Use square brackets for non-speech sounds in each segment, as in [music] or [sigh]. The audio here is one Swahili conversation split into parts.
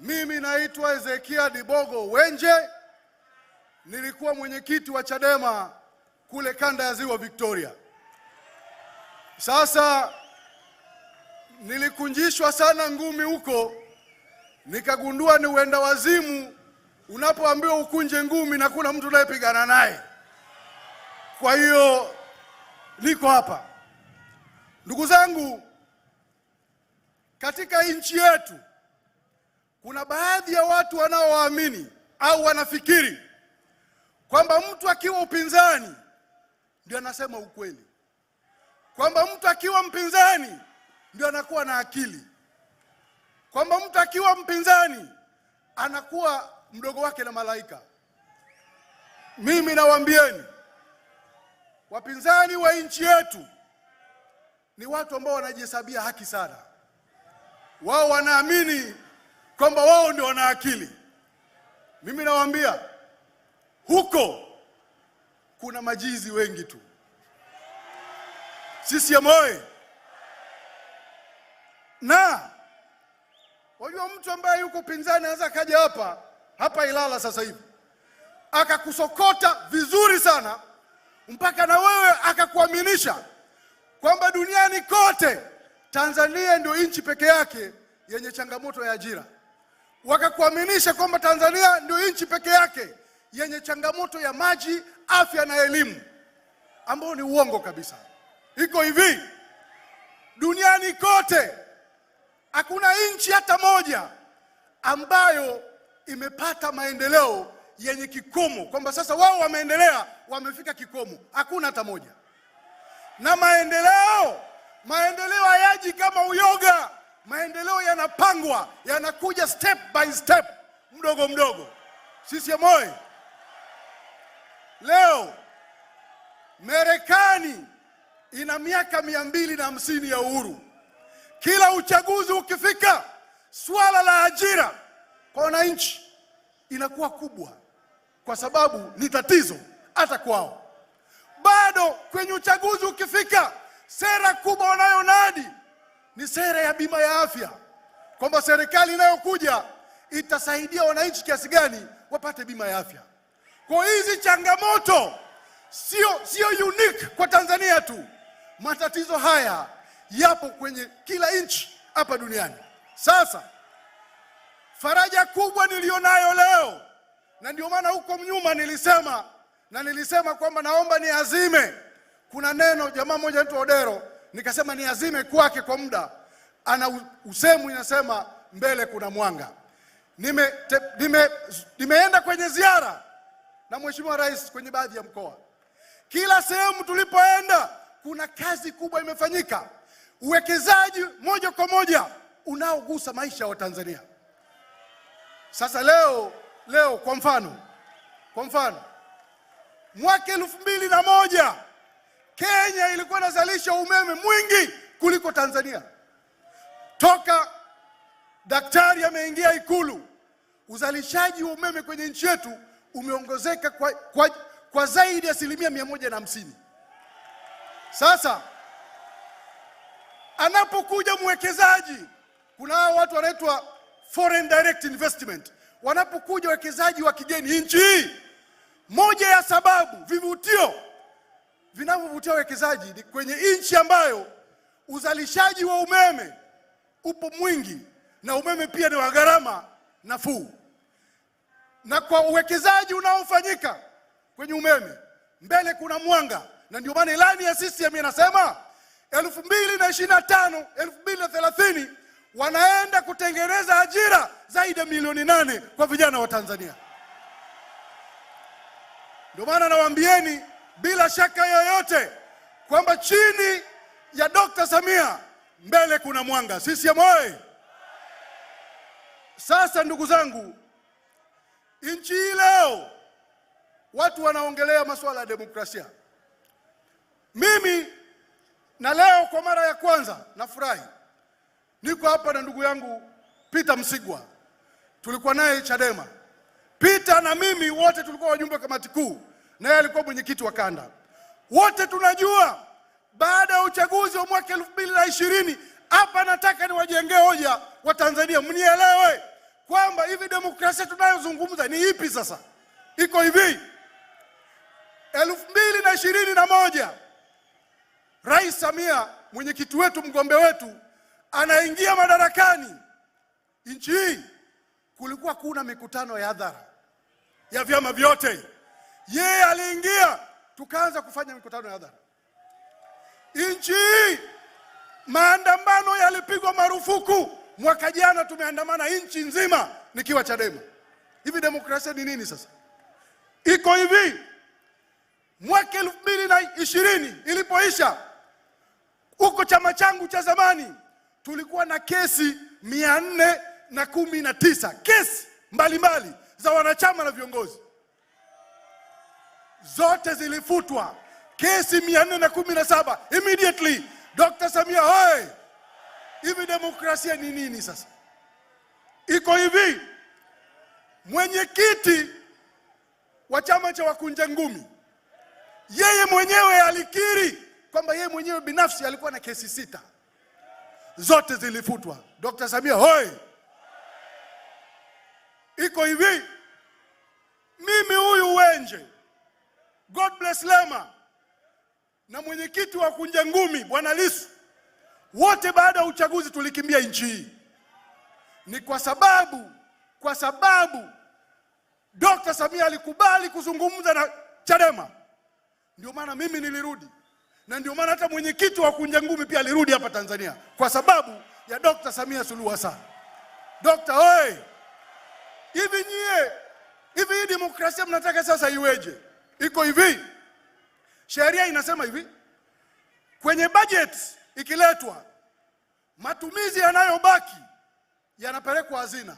Mimi naitwa Hezekia Dibogo Wenje, nilikuwa mwenyekiti wa Chadema kule kanda ya Ziwa Victoria. Sasa nilikunjishwa sana ngumi huko, nikagundua ni uenda wazimu unapoambiwa ukunje ngumi na kuna mtu unayepigana naye. Kwa hiyo niko hapa, ndugu zangu, katika nchi yetu kuna baadhi ya watu wanaowaamini au wanafikiri kwamba mtu akiwa upinzani ndio anasema ukweli, kwamba mtu akiwa mpinzani ndio anakuwa na akili, kwamba mtu akiwa mpinzani anakuwa mdogo wake na malaika. Mimi nawaambieni wapinzani wa nchi yetu ni watu ambao wanajihesabia haki sana. Wao wanaamini kwamba wao ndio wana akili. Mimi nawaambia huko kuna majizi wengi tu. CCM oyee! Na wajua mtu ambaye yuko pinzani anaweza akaja hapa hapa Ilala sasa hivi akakusokota vizuri sana mpaka na wewe akakuaminisha kwamba duniani kote Tanzania ndio nchi peke yake yenye changamoto ya ajira wakakuaminisha kwamba Tanzania ndio nchi peke yake yenye changamoto ya maji, afya na elimu, ambayo ni uongo kabisa. Iko hivi, duniani kote hakuna nchi hata moja ambayo imepata maendeleo yenye kikomo, kwamba sasa wao wameendelea, wamefika kikomo. Hakuna hata moja. Na maendeleo maendeleo hayaji kama uyoga maendeleo yanapangwa, yanakuja step by step, mdogo mdogo. Sisi moyo Leo Marekani ina miaka mia mbili na hamsini ya uhuru. Kila uchaguzi ukifika, swala la ajira kwa wananchi inakuwa kubwa, kwa sababu ni tatizo hata kwao. Bado kwenye uchaguzi ukifika, sera kubwa wanayonadi ni sera ya bima ya afya, kwamba serikali inayokuja itasaidia wananchi kiasi gani wapate bima ya afya. Kwa hizi changamoto sio sio unique kwa Tanzania tu, matatizo haya yapo kwenye kila nchi hapa duniani. Sasa faraja kubwa niliyonayo leo, na ndio maana huko nyuma nilisema na nilisema kwamba naomba niazime, kuna neno jamaa mmoja mtu Odero nikasema ni azime kwake kwa muda. Ana usemu inasema mbele kuna mwanga. Nime, nime, nimeenda kwenye ziara na Mheshimiwa Rais kwenye baadhi ya mkoa. Kila sehemu tulipoenda kuna kazi kubwa imefanyika, uwekezaji moja kwa moja unaogusa maisha ya Watanzania. Sasa leo leo, kwa mfano kwa mfano mwaka elfu mbili na moja Kenya ilikuwa inazalisha umeme mwingi kuliko Tanzania. Toka daktari ameingia Ikulu, uzalishaji wa umeme kwenye nchi yetu umeongezeka kwa, kwa, kwa zaidi ya asilimia mia moja na hamsini. Sasa anapokuja mwekezaji, kuna hao watu wanaitwa foreign direct investment. Wanapokuja wawekezaji wa kigeni nchi hii, moja ya sababu vivutio vinavyovutia wawekezaji ni kwenye nchi ambayo uzalishaji wa umeme upo mwingi na umeme pia ni wa gharama nafuu, na kwa uwekezaji unaofanyika kwenye umeme mbele kuna mwanga, na ndio maana ilani ya CCM inasema elfu mbili na ishirini na tano elfu mbili na thelathini wanaenda kutengeneza ajira zaidi ya milioni nane kwa vijana wa Tanzania. Ndio maana nawaambieni bila shaka yoyote kwamba chini ya Dkt. Samia mbele kuna mwanga. Sisi oyee! Sasa ndugu zangu, nchi hii leo watu wanaongelea masuala ya demokrasia. Mimi na leo kwa mara ya kwanza nafurahi niko hapa na ndugu yangu Peter Msigwa, tulikuwa naye Chadema. Peter na mimi wote tulikuwa wajumbe wa kamati kuu naye alikuwa mwenyekiti wa kanda. Wote tunajua baada ya uchaguzi wa mwaka elfu mbili na ishirini hapa nataka niwajengee hoja wa Tanzania mnielewe kwamba hivi demokrasia tunayozungumza ni ipi? Sasa iko hivi, elfu mbili na ishirini na moja Rais Samia mwenyekiti wetu, mgombe wetu, anaingia madarakani. Nchi hii kulikuwa kuna mikutano ya hadhara ya vyama vyote yeye aliingia tukaanza kufanya mikutano ya hadhara nchi hii. Maandamano yalipigwa marufuku mwaka jana, tumeandamana nchi nzima nikiwa Chadema. Hivi demokrasia ni nini sasa? Iko hivi, mwaka elfu mbili na ishirini ilipoisha, huko chama changu cha zamani tulikuwa na kesi mia nne na kumi na tisa kesi mbalimbali mbali za wanachama na viongozi zote zilifutwa, kesi mia na kumi na saba immediately. Dr. Samia hoi! Hivi demokrasia ni nini sasa? Iko hivi, mwenyekiti wa chama cha wakunja ngumi yeye mwenyewe alikiri kwamba yeye mwenyewe binafsi alikuwa na kesi sita, zote zilifutwa. Dr. Samia hoi! Iko hivi, mimi huyu Wenje God bless Lema na mwenyekiti wa kunja ngumi Bwana Lisu, wote baada ya uchaguzi tulikimbia nchi hii, ni kwa sababu kwa sababu Dr. Samia alikubali kuzungumza na Chadema, ndio maana mimi nilirudi, na ndio maana hata mwenyekiti wa kunja ngumi pia alirudi hapa Tanzania kwa sababu ya Dr. Samia Suluhu Hassan. Dokta oye, hivi nyie, hivi hii demokrasia mnataka sasa iweje? iko hivi, sheria inasema hivi, kwenye budget ikiletwa, matumizi yanayobaki yanapelekwa hazina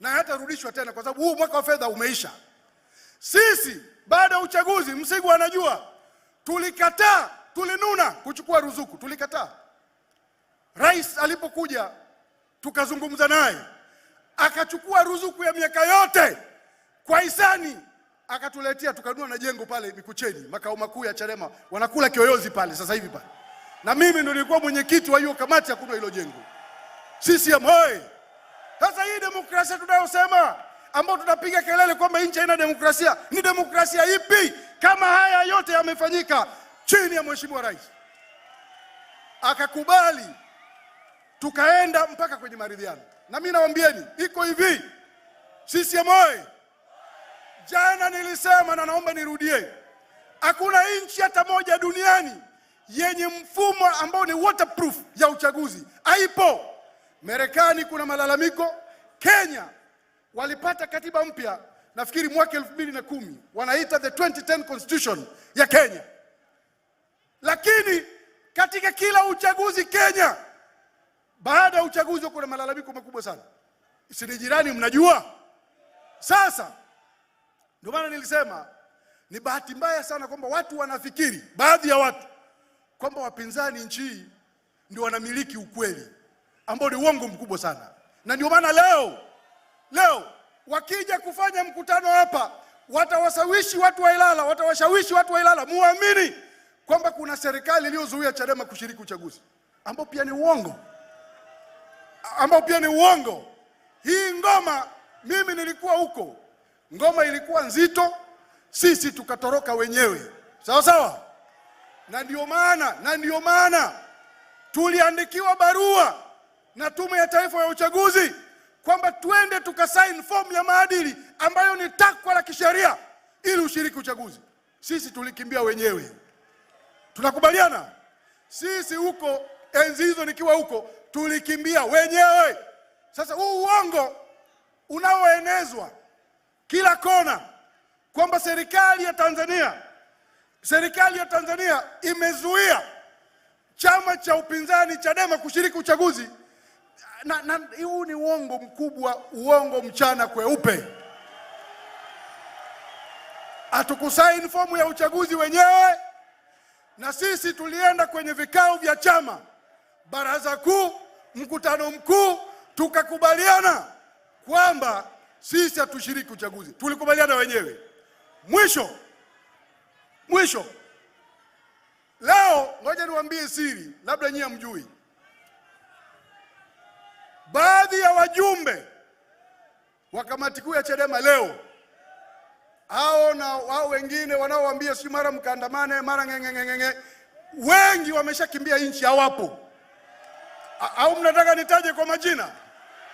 na hayatarudishwa tena, kwa sababu huu mwaka wa fedha umeisha. Sisi baada ya uchaguzi, Msigu anajua, tulikataa, tulinuna kuchukua ruzuku, tulikataa. Rais alipokuja tukazungumza naye, akachukua ruzuku ya miaka yote kwa hisani akatuletea tukanua na jengo pale Mikucheni, makao makuu ya Chadema, wanakula kiyoyozi pale sasa hivi pale, na mimi ndo nilikuwa mwenyekiti wa hiyo kamati ya kunua hilo jengo. CCM oyee! Sasa hii demokrasia tunayosema ambao tunapiga kelele kwamba nchi haina demokrasia, ni demokrasia ipi kama haya yote yamefanyika chini ya mheshimiwa rais? Akakubali, tukaenda mpaka kwenye maridhiano, na mimi nawaambieni iko hivi CCM oyee! Jana nilisema na naomba nirudie, hakuna nchi hata moja duniani yenye mfumo ambao ni waterproof ya uchaguzi, haipo. Marekani kuna malalamiko, Kenya walipata katiba mpya nafikiri mwaka elfu mbili na kumi wanaita the 2010 constitution ya Kenya, lakini katika kila uchaguzi Kenya, baada ya uchaguzi kuna malalamiko makubwa sana. Si jirani mnajua sasa ndio maana nilisema ni bahati mbaya sana kwamba watu wanafikiri, baadhi ya watu, kwamba wapinzani nchi hii ndio wanamiliki ukweli ambao ni uongo mkubwa sana, na ndio maana leo leo wakija kufanya mkutano hapa watawashawishi watu wa Ilala, watawashawishi watu wa Ilala muamini kwamba kuna serikali iliyozuia Chadema kushiriki uchaguzi ambao pia ni uongo, ambao pia ni uongo. Hii ngoma mimi nilikuwa huko Ngoma ilikuwa nzito, sisi tukatoroka wenyewe, sawa sawa. Na ndio maana na ndio maana tuliandikiwa barua na Tume ya Taifa ya Uchaguzi kwamba twende tukasaini fomu ya maadili ambayo ni takwa la kisheria ili ushiriki uchaguzi. Sisi tulikimbia wenyewe, tunakubaliana sisi. Huko enzi hizo nikiwa huko, tulikimbia wenyewe. Sasa huu uongo unaoenezwa kila kona kwamba serikali ya Tanzania, serikali ya Tanzania imezuia chama cha upinzani Chadema kushiriki uchaguzi. Na, na huu ni uongo mkubwa, uongo mchana kweupe. Hatukusaini fomu ya uchaguzi wenyewe, na sisi tulienda kwenye vikao vya chama, baraza kuu, mkutano mkuu, tukakubaliana kwamba sisi hatushiriki uchaguzi, tulikubaliana wenyewe. Mwisho mwisho, leo ngoja niwaambie siri, labda nyinyi hamjui. Baadhi ya wajumbe wa kamati kuu ya Chadema leo hao na wao wengine wanaowaambia si mara mkaandamane mara ngengengenge, wengi wameshakimbia nchi, hawapo. Au mnataka nitaje kwa majina?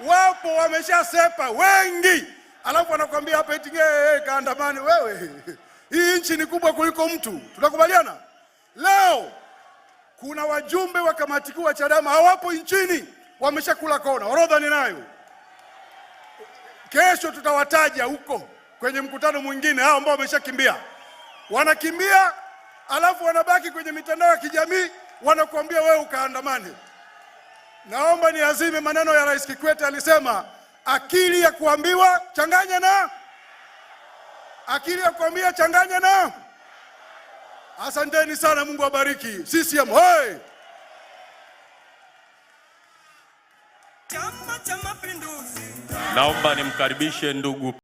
wapo wameshasepa wengi, alafu anakuambia hapa eti eh, eh, kaandamani wewe. [laughs] Hii nchi ni kubwa kuliko mtu, tunakubaliana? Leo kuna wajumbe wa kamati kuu wa Chadema hawapo nchini, wameshakula kona. Orodha ninayo, kesho tutawataja huko kwenye mkutano mwingine, hao ambao wameshakimbia. Wanakimbia alafu wanabaki kwenye mitandao ya kijamii, wanakuambia wewe ukaandamane. Naomba niazime maneno ya Rais Kikwete, alisema akili ya kuambiwa changanya na akili ya kuambia changanya na. Asanteni sana, Mungu abariki CCM hoi! Naomba nimkaribishe ndugu